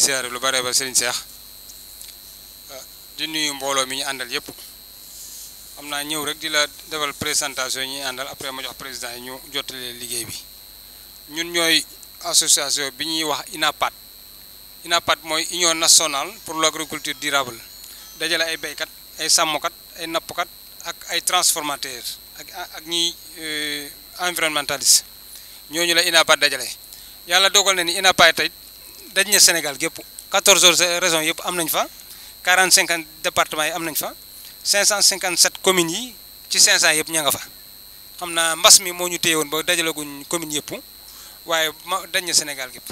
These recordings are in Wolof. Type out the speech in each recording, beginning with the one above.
siyaare lu bare ba sëriñ Seex ah, di nuyu mbooloo mi ñu àndal yëpp am naa ñëw rek di la defal présentation ñuy àndal après ma jox président yi ñu jottalee liggéey bi ñun ñooy association bi ñuy wax INAPAD inapat mooy union nationale pour l'agriculture durable dajale ay béykat ay sàmmkat ay nappkat ak ay transformateur ak ak ñiy euh, environnementaliste ñooñu la INAPAD dajale yàlla dogal na ni INAPAD dañ ne Sénégal gépp 14 régions yëpp am nañ fa 40 50 départements yi am nañ fa cinquante 557 communes yi ci 500 yëpp ña nga fa xam naa mbas mi moo ñu téye woon ba dajalaguñ communes yëpp waaye ma dañ ne Sénégal gépp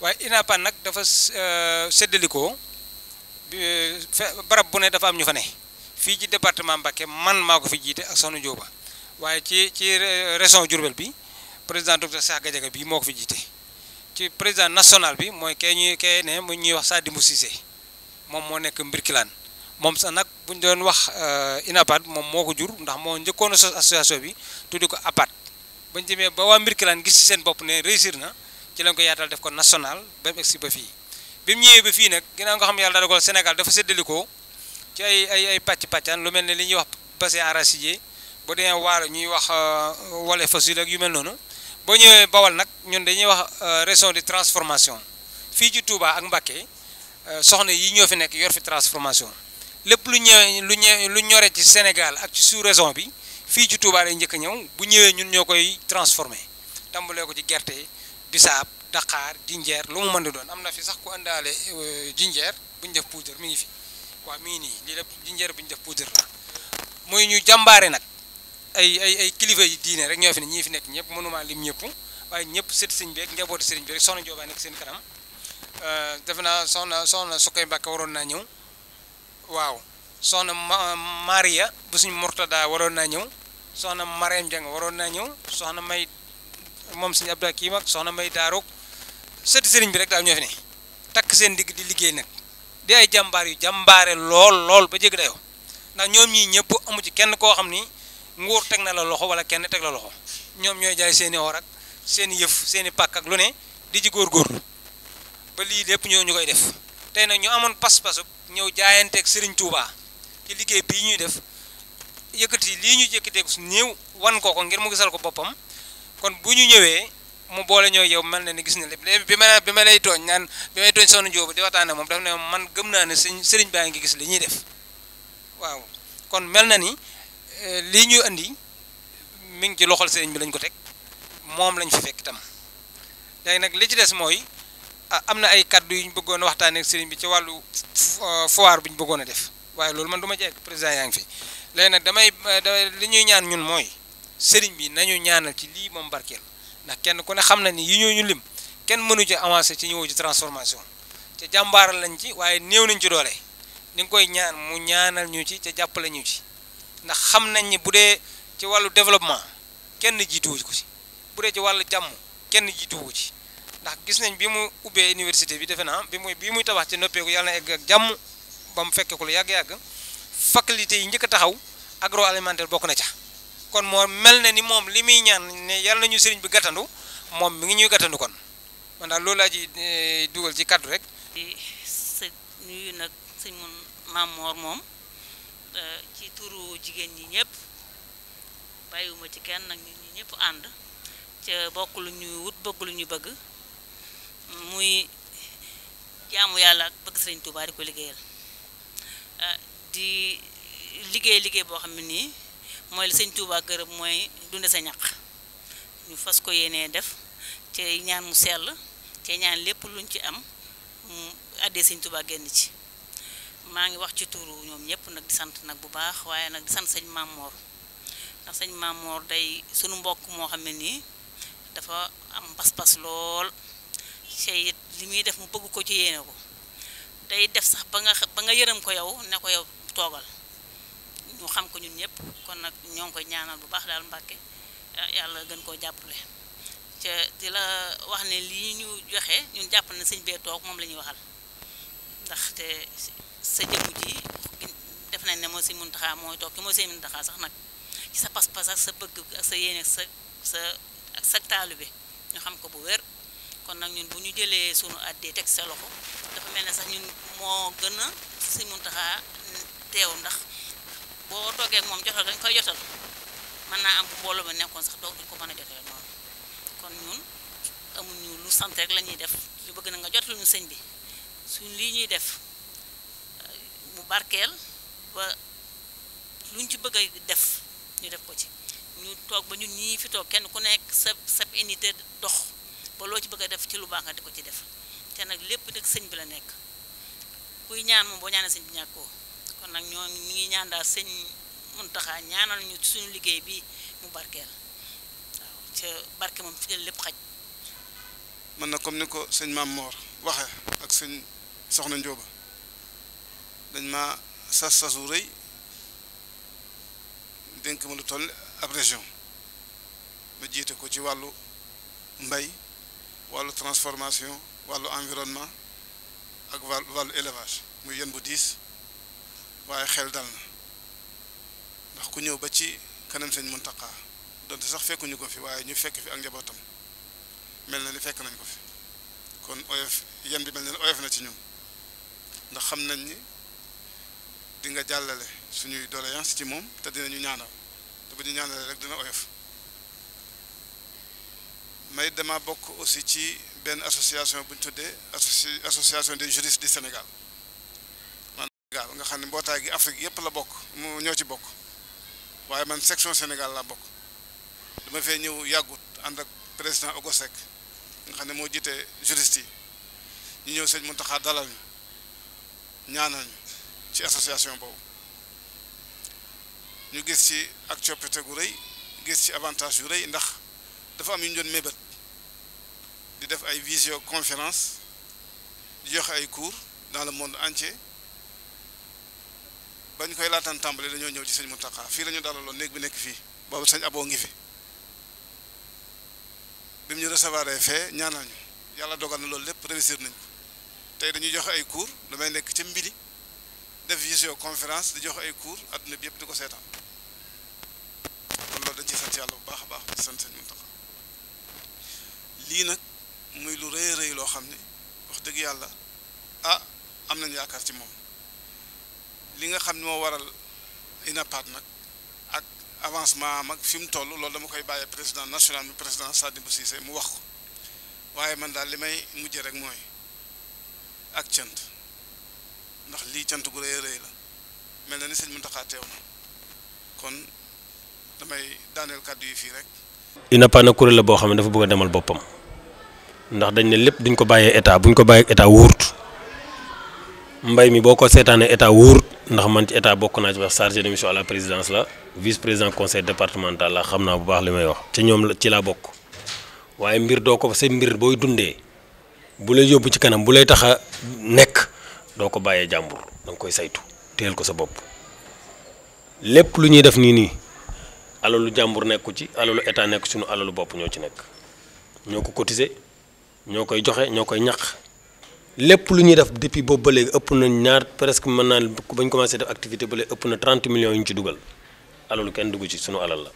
waaye INAPAN nag dafa euh, séddalikoo euh, barab bu ne dafa am ñu fa ne fii ci département Mbacké man maa ko fi jiite ak soxna Jóoba waaye ci ci région Diourbel bi président docteur Cheikh Gadiaga bii moo ko jiite ci président national bi mooy kee ñuy kee ne mu ñuy wax saa Sadibou Cissé moom moo nekk Mbirkilaan moom sax nag bu ñu doon wax euh, INAPAD moom moo ko jur ndax moo njëkkoon a sos association bi tuddi ko APAD bañ demee ba waa Mbirkilaan gis ci seen bopp ne réussir na ci lañ ko yaatal def ko national ba mu egsi ba fii bi mu ñëwee ba fii nag ginnaaw nga xam ne yàlla daal Sénégal dafa séddalikoo ci ay ay ay pàcc pàccaan lu mel ne li ñuy wax bassin arachidier ba dee waar ñuy wax euh, wala fasile ak yu mel noonu. boo ñëwee Bawol nag ñun dañuy wax euh, région de transformation fii ci Touba ak Mbacké euh, soxna yi ñoo fi nekk yor fi transformation lépp lu ñëwee lu ñëwee lu ñoree ci Sénégal ak ci sous-région bi fii ci Touba lay njëkk a ñëw bu ñëwee ñun ñoo koy transformé tambalee ko ci gerte bisaab daqaar jinjeer lu mu mën di doon am na fi sax ku àndaale euh, jinjeer bu ñu def poudre mi ngi fi waaw mi ngi nii lii lépp jinjeer bu ñu def poudre la muy ñu jàmbaare nag ay ay ay kilifa yi diine rek ñoo fi ne ñii fi nekk ñëpp mënuma lim ñëpp waaye ñëpp sët sëñ bi rek njabootu sëriñ bi rek soxna Jóoba nekk seen kanam euh, defe naa soxna soxna Sukkay Mbàkke waroon naa ñëw waaw soxna Maria bu suñ Murtada waroon naa ñëw soxna Mariam Jang waroon naa ñëw soxna May moom suñu Abdou soxna May Daaruk sëti sëriñ bi rek daal ñoo fi ne takk seen digg di liggéey nag di ay jàmbaar yu jàmbaare lool lool ba jégg dayoo ndax ñoom ñii ñëpp amu kenn koo xam ni nguur teg na la loxo wala kenn teg la loxo ñoom ñooy jaay seen i or seen yëf seeni pakk ak lu ne di ci góorgóorlu ba lii lépp ñoo ñu koy def tey nag ñu amoon pas-pasu ñëw jaayanteeg sëriñ Touba ci liggéey bii ñuy def yëkkati lii ñu yëkkateeg su néew wan ko ko ngir mu gisal ko boppam kon bu ñu ñëwee mu boole ñoo yow mel na ni gis ne lépp bi ma bi ma lay tooñ naan bi may tooñ sonn Jóob di waxtaane moom daf ne man gëm naa ne sëriñ sëriñ baa ngi gis li ñuy def lii ñuy indi mi ngi ci loxol sëriñ bi lañ ko teg moom lañ fi fekk tam léegi nag li ci des mooy a am na ay kaddu yu ñu bëggoon waxtaanee ak sëriñ bi ci wàllu euh, foire bu ñu bëggoon a def waaye loolu man duma ma président yaa ngi fi léegi nag euh, damay li ñuy ñaan ñun mooy sëriñ bi nañu ñaanal ci lii moom barkeel ndax kenn ku ne xam na ni yi ñoo ñu lim kenn mënu ci avancé ci ñëw ci transformation te jàmbaaral lañ ci waaye néew nañ ci doole ni koy ñaan mu ñaanal ñu ci te jàppale ñu ci. ndax xam nañ ni bu dee ci wàllu développement kenn jiituwu ko ci bu dee ci wàllu jàmm kenn jiituwu ci ndax gis nañ bi mu ubbee université bi defe naa bi muy bi muy tabax ci noppeeku yàlla na egg ak jàmm ba mu fekkee ko lu yàgg-yàgg faculté yi njëkk a taxaw alimentaire bokk na ca kon moo mel na ni moom li muy ñaan ne yàlla nañu sëriñ bi gàttandu moom mu ngi ñuy gàttandu kon man daal loolu laa ci eh, dugal ci kàddu rek. di sëñ moom. Euh, ci turu jigéen ñi ñëpp bàyyiwuma ci kenn nag ñun ñi ñëpp ànd ca bokk lu ñuy wut bëgg lu ñu bëgg muy jaamu yàlla ak bëgg sëriñ Tuubaa di ko liggéeyal euh, di liggéey liggéey boo xam ne nii mooy li sëñ Tuubaa gërëm mooy dunde sa ñaq ñu fas ko yéenee def ci ñaan mu sell ci ñaan lépp luñ ci am mu àddee sëñ Tuubaa génn ci maa ngi wax ci tuuru ñoom ñëpp nag di sant nag bu baax waaye nag di sant sëñ Mamor ndax sëñ Mamor day sunu mbokk moo xam ne nii dafa am pas-pas lool te li muy def mu bëgg ko ci yéene ko day def sax ba nga ba nga yërëm ko yow ne ko yow toogal ñu xam ko ñun ñëpp kon nag ñoo ngi koy ñaanal bu baax daal Mbàkke yàlla gën koo jàppale ca di la wax ne lii ñu joxe ñun jàpp na sëñ bee toog moom la ñuy waxal. ndax te sa jëmm ji def nañ ne moo si taxaa mooy toog ki moo si muntaxaa sax nag sa pas-pas ak sa bëgg ak sa yéene sa sa ak sa bi ñu xam ko bu wér kon nag ñun bu ñu jëlee sunu àddee teg sa loxo dafa mel ne sax ñun moo gën a si muntaxaa teew ndax boo toogee moom jotal dañ koy jotal mën naa am bu mbooloo ba nekkoon sax doog duñ ko mën a jotale noonu kon ñun amuñu lu sant rek la ñuy def ñu bëgg na nga jotal ñu sëñ bi suñ lii ñuy def euh, mu barkeel ba luñ ci bëgg a def ñu def ko ci ñu toog ba ñu ñii fi toog kenn ku nekk sa sa unité dox ba loo ci bëgg a def ci lu baax nga di ko ci def te nag lépp nag sëñ bi la nekk kuy ñaan moom boo ñaanee sëñ bi ñàkkoo kon nag ñoo ñu ngi ñaan daal sëñ taxaa ñaanal ñu suñu liggéey bi mu barkeel waaw ca barke moom fi lépp xaj. mën na comme ni ko sëñ Maam Moor waxe ak sëñ. soxna Njóoba dañ ma sas sasu rëy dénk ma lu toll ab région ma jiite ko ci wàllu mbay wàllu transformation wàllu environnement ak wàllu élevage mu yën bu diis waaye xel dal na ndax ku ñëw ba ci kanam sëñ Muntaqa donte sax fekkuñu ko fi waaye ñu fekk fi ak njabootam mel na ni fekk nañ ko fi kon oyof yem bi mel na ni oyof na ci ñun ndax xam nañ ni di nga jàllale suñuy doléance ci moom te dinañu ñaanal te bu ñu ñaanale rek dina oyof may dama bokk aussi ci benn association buñ ñu tuddee association des juristes du Sénégal maanaam nga xam ne mbootaay gi Afrique yëpp la bokk mu ñoo ci bokk waaye man section Sénégal laa bokk dama fee ñëw yàggut ànd ak président Ogo Seck nga xam ne moo jiite juriste yi ñu ñëw sëñ Mountakha dalal ñu ñaanal ñu ci association boobu ñu gis ci ak coppite gu rëy gis ci avantage yu rëy ndax dafa am yu doon mébét di def ay visioconférence di joxe ay cours dans le monde entier bañ ñu koy laataan tàmbali dañoo ñëw ci sëñ taqaa fii la ñu dalaloon néeg bi nekk fii boobu sëñ aboo ngi fi bi mu ñu recevoir fee ñaanal ñu yàlla dogal na loolu lépp réussir nañ tey dañuy joxe ay cours damay nekk ca mbili def visio conférence di joxe ay cours adduna bi yëpp di ko seetaan kon loolu dañ ci sant yàlla bu baax a baax di sant sëñ Muntaxa lii nag muy lu rëy rëy loo xam ne wax dëgg yàlla ah am nañ yaakaar ci moom li nga xam ne moo waral inapaat nag ak avancement am ak fi mu toll loolu dama koy bàyyee président national mi président Sadibou Cissé mu wax ko waaye man daal li may mujjee rek mooy ak cant ndax lii cant gu rëy rëy la mel na ni sëñ Muntaxa teew na kon damay daaneel kàddu yi fii rek. INAPA nag kuréel la boo xam ne dafa bëgg a demal boppam ndax dañ ne lépp duñ ko bàyyee état buñ ko bàyyee état wuurt mbay mi boo ko seetaanee état wuurt ndax man ci état bokk naa ci wax chargé de mission la présidence la vice président conseil départemental la xam naa bu baax li may wax. ci ñoom ci laa bokk waaye mbir doo ko sa mbir booy dundee. bu lay yóbbu ci kanam bu lay taxa nekk doo ko bàyyee jàmbur da koy saytu téyel ko sa bopp lépp lu ñuy def nii nii alalu jàmbur nekku ci alalu état nekk sunu alalu bopp ñoo ci nekk ñoo ko cotiser ñoo koy joxe ñoo koy ñaq lépp lu ñuy def depuis boobu ba léegi ëpp na ñaar presque mën naa bañ commencé def activité ba léegi ëpp na 30 million yu ñu ci dugal alalu kenn dugg ci suñu alal la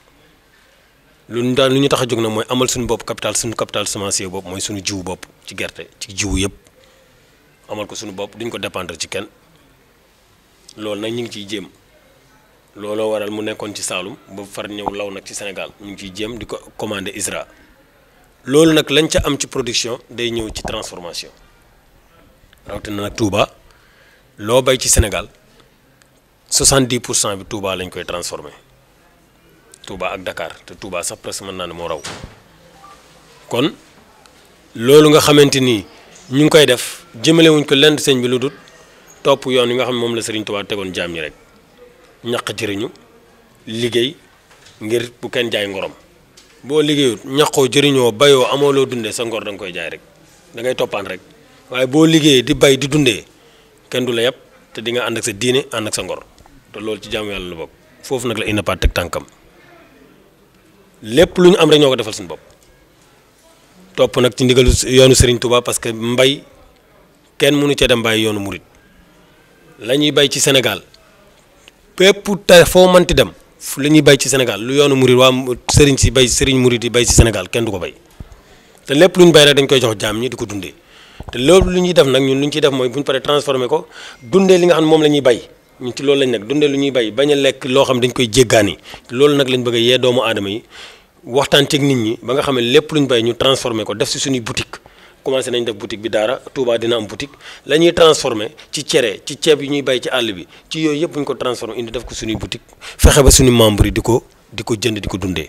lu ñu daal lu ñu tax a jóg nag mooy amal suñu bopp capital suñu capital semencier bopp mooy suñu jiwu bopp ci gerte ci jiwu yëpp amal ko suñu bopp duñ ko dépendre ci kenn loolu nag ñu ngi ciy jéem looloo waral mu nekkoon ci Saalum ba far ñëw law nag ci Sénégal ñu ngi ciy jéem di ko commandé ISRA loolu nag lañ ca am ci production day ñëw ci transformation rawatina nag Touba loo bay ci Sénégal 70 pour cent bi Touba lañ koy transformé. Touba ak dakaar te Touba sax presque mën naa ne moo raw kon loolu nga xamante ni ñu ngi koy def jëmale wuñ ko lenn sëñ bi lu dul topp yoon yi nga xam moom la Serigne Touba tegoon jaam ñi rek ñaq jëriñu liggéey ngir bu kenn jaay ngorom boo liggéeyut ñaqoo jëriñoo bayoo amoo loo dundee sa ngor danga koy jaay rek da ngay toppaan rek waaye boo liggéeyee di bay di dundee kenn du la yàpp te di nga ànd ak sa diine ànd ak sa ngor te loolu ci jaamu yàlla la foofu nag la INAPAD tànkam. lépp lu ñu am rek ñoo ko defal suñu bopp topp nag ci ndigalu yoonu sëriñ Touba parce que mbay kenn mënu cee dem bàyyi yoonu murit la ñuy bay ci Sénégal pépp te foo mënti dem la ñuy bay ci Sénégal lu yoonu murit waa sëriñ si bay sëriñ murit yi bay ci senegal kenn du ko bay te lépp lu ñu bay rek dañ koy jox jaam ñi du ko dundee te loolu lu ñuy def nag ñun lu ñu ciy def mooy bu ñu paree transformé ko dundee li nga xam ne moom la ñuy bay ñun ci loolu lañ nag dundee lu ñuy bay bañ a lekk loo xam dañ koy jéggaani loolu nag lañ bëgg yee doomu aadama yi waxtaan ci nit ñi ba nga xam ne lépp ñu bay ñu transformé ko def si suñuy boutique commencé nañ def boutique bi daara Touba dina am boutique la ñuy transformé ci cere ci ceeb yi ñuy bay ci àll bi ci yooyu yëpp bu ñu ko transformé indi def ko suñuy boutique fexe ba suñu membre yi di ko di ko jënd di ko dundee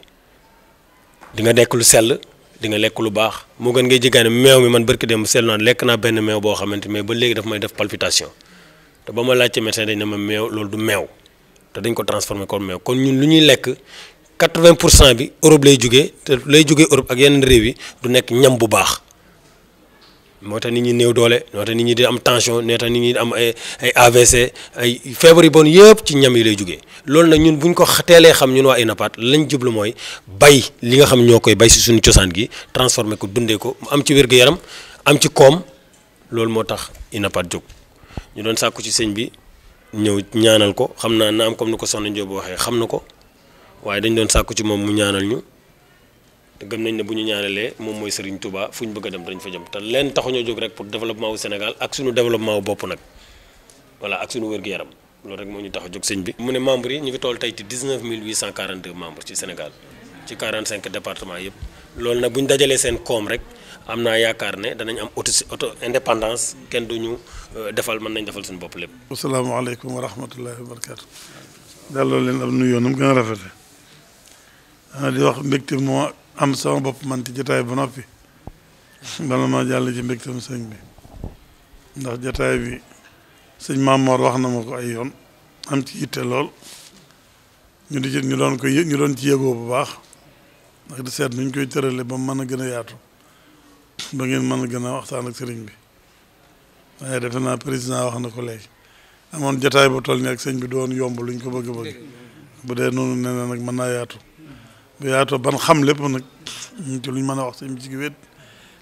di nga nekk lu sell di nga lekk lu baax moo gën ngay jéggaane meew mi man barki dem seetlu naa lekk naa benn meew boo xamante mais ba léegi daf may def palpitation te ba ma laajte médecin dañ ne ma meew loolu du meew dañ ko transformé comme meew kon ñuy lekk 80 pour cent bi Europe lay jugee te lay jugee Europe ak yeneen réew yi du nekk ñam bu baax moo tax nit ñi néew doole moo tax nit ñi di am tension moo tax nit ñi am ay ay AVC ay feebar yu bon yëpp ci ñam yi lay jugee loolu nag ñun buñ ko teelee xam ñun waa INAPAT lañ jublu mooy bay li nga xam ñoo koy bay si suñu cosaan gi transformé ko dundee ko mu am ci wér yaram am ci koom loolu moo tax INAPAT jóg ñu doon sàkku ci sëñ bi ñëw ñaanal ko xam naa na am comme ni ko soxna Ndiob waxee xam na ko. waaye dañ doon sàkku ci moom mu ñaanal ñu te gëm nañ ne bu ñu ñaanalee moom mooy Serigne Touba fu ñu bëgg a dem dañ fa jëm te leen taxuñoo jóg rek pour développement wu Sénégal ak suñu développement wu bopp nag voilà ak suñu wér-gu-yaram loolu rek moo ñu tax a jóg sëñ bi. mu ne membres yi ñu ngi tool tey ti ci 19 842 membres ci Sénégal ci 45 départements yëpp loolu nag bu ñu dajalee seen koom rek am naa yaakaar ne danañ am auto auto indépendance kenn du ñu euh, defal mën nañ defal suñu bopp lépp. asalaamaaleykum wa rahmatullahi wa barakaatu. delloo leen am nuyoo nu mu Ah, di wax mbégte moo am sama bopp man ci jotaay ba noppi bala ma jàll ci mbégtam sëñ bi ndax jotaay bi sëñ Mamor wax na ma ko ay yoon am ci yitte lool ñu di ci ñu doon ko ñu doon ci yëgoo bu baax ndax di seet nuñ koy tërale ba mu mën a gën a yaatu ba ngeen mën a gën a waxtaan ak sëriñ bi waaye defe naa président wax na ko léegi amoon jataay ba toll ni ak sëñ bi doon yomb luñ ko bëgg-bëgg bu dee noonu nee na mën naa yaatu bu yaatoo ban xam lépp nag ñu ci luñ mën a wax sëñ bi ci wét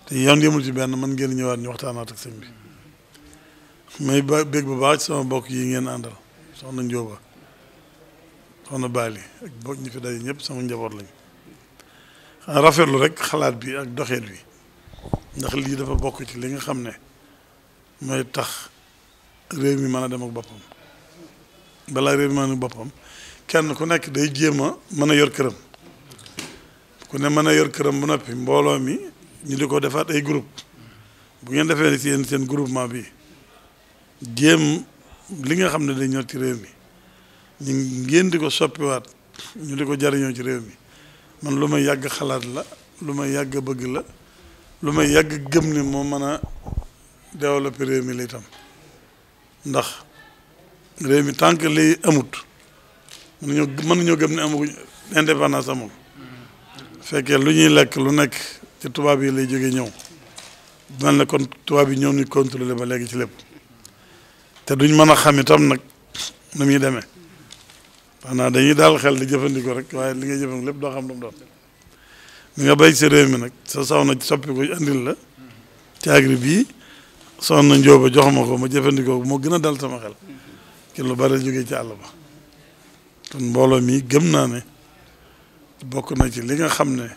te ci benn man ngeen ñëwaat ñu waxtaanaat ak sëñ bi bég bu baax ci sama mbokk yi ngeen àndal soxna Njóoba soxna Baali ak bokk ñi fi daje ñëpp sama njaboot lañ rafetlu rek xalaat bi ak bi ndax lii dafa bokk ci li nga xam ne mooy tax réew mi mën a dem boppam balaa réew mi mën a boppam kenn ku nekk day jéem mën a yor këram ku ne mën a yor këram bu noppi mbooloo mi ñu di ko defaat ay groupe bu ngeen defee ni seen seen groupement bi jéem li nga xam ne day ñor ci réew mi ñu ngeen di ko soppiwaat ñu di ko jariñoo ci réew mi man lu may yàgg xalaat la lu ma yàgg bëgg la lu may yàgg gëm ne moo mën a développer réew mi la itam ndax réew mi tant que lii amut mën nañoo mën nañoo gëm ne amaguñ indépendance amul fekkee lu ñuy lekk lu nekk ci tubaab yi lay jóge ñëw dinañ la kon tubaab yi ñoom ñu contrôlé ba léegi ci lépp te duñ mën a xam itam nag na muy demee maanaam dañuy daal xel di jëfandikoo rek waaye li ngay jëfandikoo lépp doo xam lu mu doon mu nga béy ci réew mi nag sa soxna soppi ko andil la ci agri bii soxna Njóoba jox ma ko ma jëfandikoo moo gën a dal sama xel ki lu bari jóge ci àll ba kon mbooloo mii gëm naa ne. bokk nañ ci li nga xam ne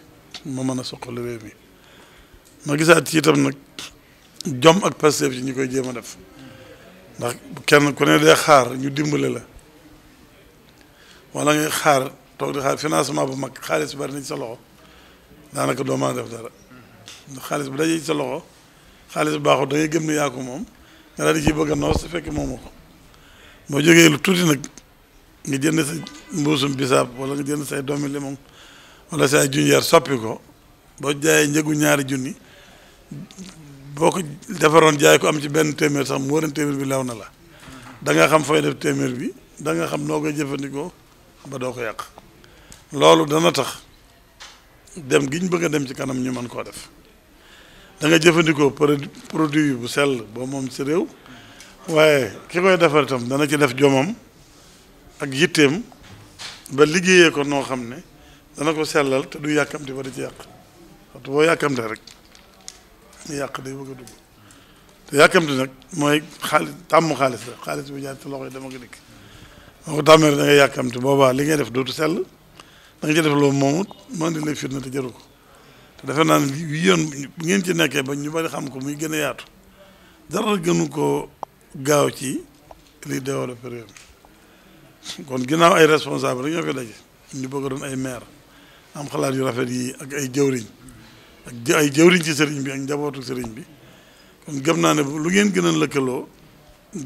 moo mën a soqali réew mi ma gisaat ci itam nag jom ak Pastef ci ñi koy jéem a def ndax kenn ku ne dee xaar ñu dimbale la wala ngay xaar toog di xaar financement bu mag xaalis bari nañ ci sa loxo daanaka doo mën a def dara xaalis bu day ci sa loxo xaalis baaxul da ngay gëm moom nga daal di ciy bëgg a si su moom moomu ko boo jógee lu tuuti nag nga jënd sa mbuusum bisaab wala nga jënd say doomi limon wala say junni yar soppi ko boo jaayee njëgu ñaari junni boo ko defaroon jaay ko am ci benn téeméer sax mu wóoroon téeméer bi law na la da nga xam fooy def téeméer bi da xam noo koy jëfandikoo ba doo ko yàq loolu dana tax dem giñ bëgg a dem ci kanam ñu mën koo def danga jëfandikoo produit bu sell boo moom ci réew waaye ki koy defar dana ci def jomam ak yitteem ba liggéeyee ko noo xam ne. dana ko sellal te du yàkkamti ba di ci yàq waxtu boo yàkkamtee rek mu yàq day bëgg a dugg te yàkkamti nag mooy xaalis tàmm xaalis la xaalis bu jaar ci loxo yi dama ko dikk moo da ngay yàkkamti boobaa li ngay def dootu sell da nga ci def loolu moomut man di lay firnde te jaru ko te defe naa ne lii yoon bu ngeen ci nekkee ba ñu bari xam ko muy gën a yaatu dara gënu ko gaaw ci liy développé réew mi kon ginnaaw ay responsable rek ñoo fi daje ñu bëgg doon ay maire am xalaat yu rafet yi ak ay jëwriñ ak ay jëwriñ ci sëriñ bi ak njabootu sëriñ bi kon gëm naa ne lu ngeen gën a lëkkaloo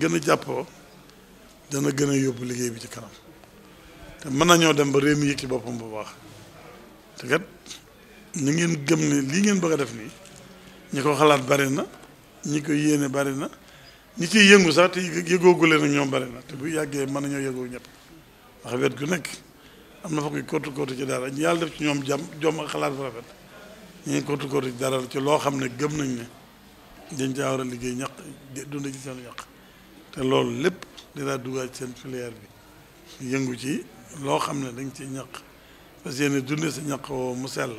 gën a jàppoo dana gën a yóbbu liggéey bi ci kanam te mën na nañoo dem ba réew mi yëg ci boppam bu baax te kat ñu ngeen gëm ne lii ngeen bëgg a def nii ñi ko xalaat bari na ñi ko yéene bari na ñi ciy yëngu sax te yëgoogu leen ak ñoom bari na te bu yàggee mën nañoo yëgoo ñëpp wax wet gu nekk am na fa koy kóotu kóotu ci dara ñu yàlla def ci ñoom jam jom ak xalaat bu rafet ñu ngi kóotu kóotu ci dara ci loo xam ne gëm nañ ne dañ caa war a liggéey ñaq dund ci seen ñaq te loolu lépp dinaa duggaat ci seen filière bi yëngu ci loo xam ne dañ ci ñaq parce que yéen dundee sa ñaq woo mu sell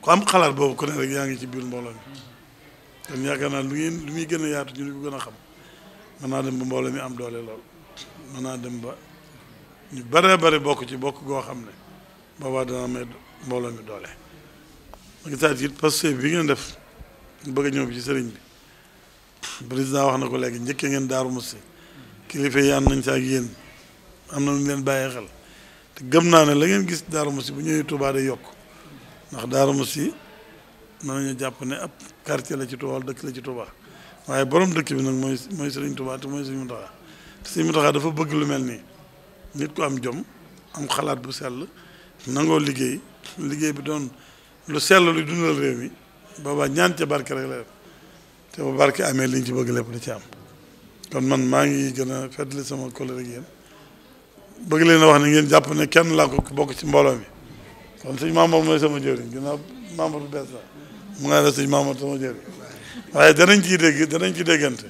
ku am xalaat boobu ko ne rek yaa ngi ci biir mbooloo mi kon yaakaar naa lu ngeen lu muy gën a yaatu ñu bu gën a xam mën naa dem ba mbooloo mi am doole lool mën naa dem ba ñu bare bare bokk ci bokk goo xam ne boobaa dana may mbooloo mi doole ma gisaat it parce que bi ngeen def bëgg ñëw ci sëriñ bi président wax na ko léegi njëkkee ngeen daaru musi kilifa yi ànd nañ saa ak am na ñu leen bàyyi xel te gëm naa ne la ngeen gis daaru musi bu ñëwee tubaa day yokk ndax daaru musi mën nañu jàpp ne ab quartier la ci Touba wala dëkk la ci Touba waaye borom dëkk bi nag mooy mooy sëriñ Touba te mooy sëriñ Mountakha te sëriñ Mountakha dafa bëgg lu mel nii nit ko am jom am xalaat bu sell nangoo liggéey liggéey bi doon lu sell lu dundal réew mi boobaa ñaan ca barke rek la def te bu barke amee liñ ci bëgg lépp da ci am kon man maa ngi gën a fàttali sama collègue ak yéen bëgg leen ne wax ne ngeen jàpp ne kenn laa ko bokk ci mbooloo mi kon sëñ Mamour mooy sama jëriñ ginnaaw Mamour mu nga la sëñ Mamour sama jëriñ waaye danañ ciy dégg danañ ci déggante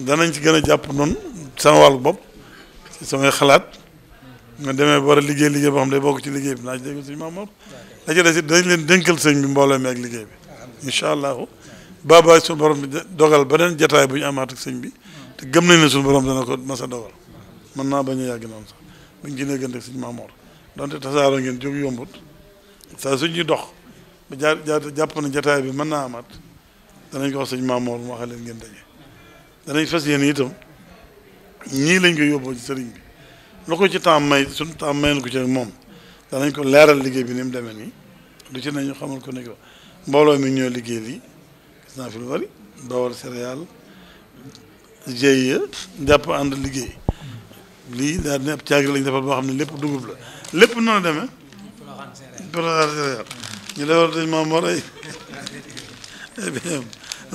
danañ ci gën a jàpp noonu sama wàllu bopp ci samay xalaat nga demee war a liggéey liggéey boo xam day bokk ci liggéey bi naa ci dégg sëñ Mamour la ci des dañ leen dénkal sëñ bi mbooloo mi liggéey bi incha allahu baabaay suñu borom bi dogal beneen jataay bu ñu amaat sëñ bi te gëm nañ ne suñu borom dana ko mas a dogal mën naa bañ a yàgg noonu sax buñ ginee gën ak sëñ Mamour donte tasaaroo ngeen jóg yombut saa suñ ñu dox ba jaar jaar jàpp na jataay bi mën naa amaat danañ ko wax sëñ Mamour mu waxal leen ngeen daje danañ fas yéen itam ñii lañ ko yóbboo ci sëriñ bi lu ko ci temps may suñ temps may na ko ci ak moom danañ ko leeral liggéey bi ni mu demee nii lu ci nañu xamal ko nekk mbooloo mi ñoo liggéey li gis naa fi lu bari bawal céréale GIE jàpp ànd liggéey lii daal ne ab caagri lañ defal boo xam ne lépp dugub la lépp noonu demee poroxaan céréale maam war ay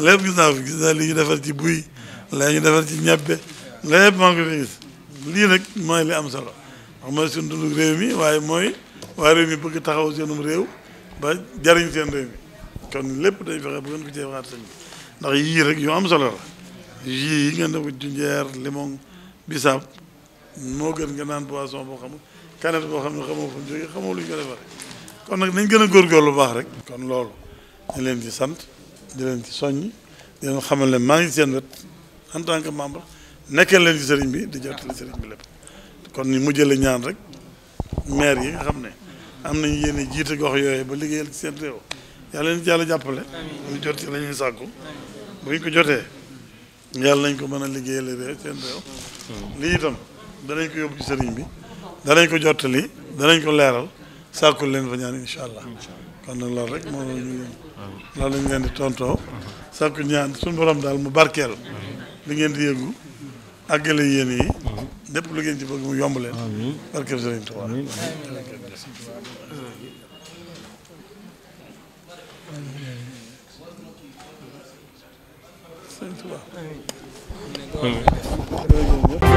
lépp gis naa fi gis naa li ñu defar ci buy la defar ci ñebbe lépp maa ngi ko fi gis lii nag mooy li am solo xam mooy suñ dundu réew mi waaye mooy waa réew mi bëgg taxaw seenum réew ba jariñ seen réew mi kon lépp dañ fexe bu ngeen ko cee waxaat sëñ ndax yii rek yu am solo yi ngeen def ko junjeer limon bisaab moo gën nga naan boisson boo xam canette boo xam ne xamoo fu mu jógee xamoo lu ñu ko defaree kon nag nañ gën a góorgóorlu lu baax rek kon loolu ñu leen di sant di leen ci soññ di leen xamal ne maa ngi seen wet en tant que membre nekkal leen ci sëriñ bi di jottali sëriñ bi lépp kon ni mu jële ñaan rek maire yi nga xam ne am nañ yéene jiite gox yooyu ba liggéeyal ci seen réew yàlla jàppale jot ci la ko jotee yàlla nañ ko mën a liggéeyal réew seen réew lii itam danañ ko yóbbu ci sëriñ bi danañ ko jottali danañ ko leeral sàkkul leen fa ñaan incha allah kon nag loolu rek moo ñu loolu lañ leen di tontoo sàkku ñaan suñu borom daal mu barkeel li ngeen di yëngu àggale yéen yi lépp lu ngeen ci bëgg mu yomb leen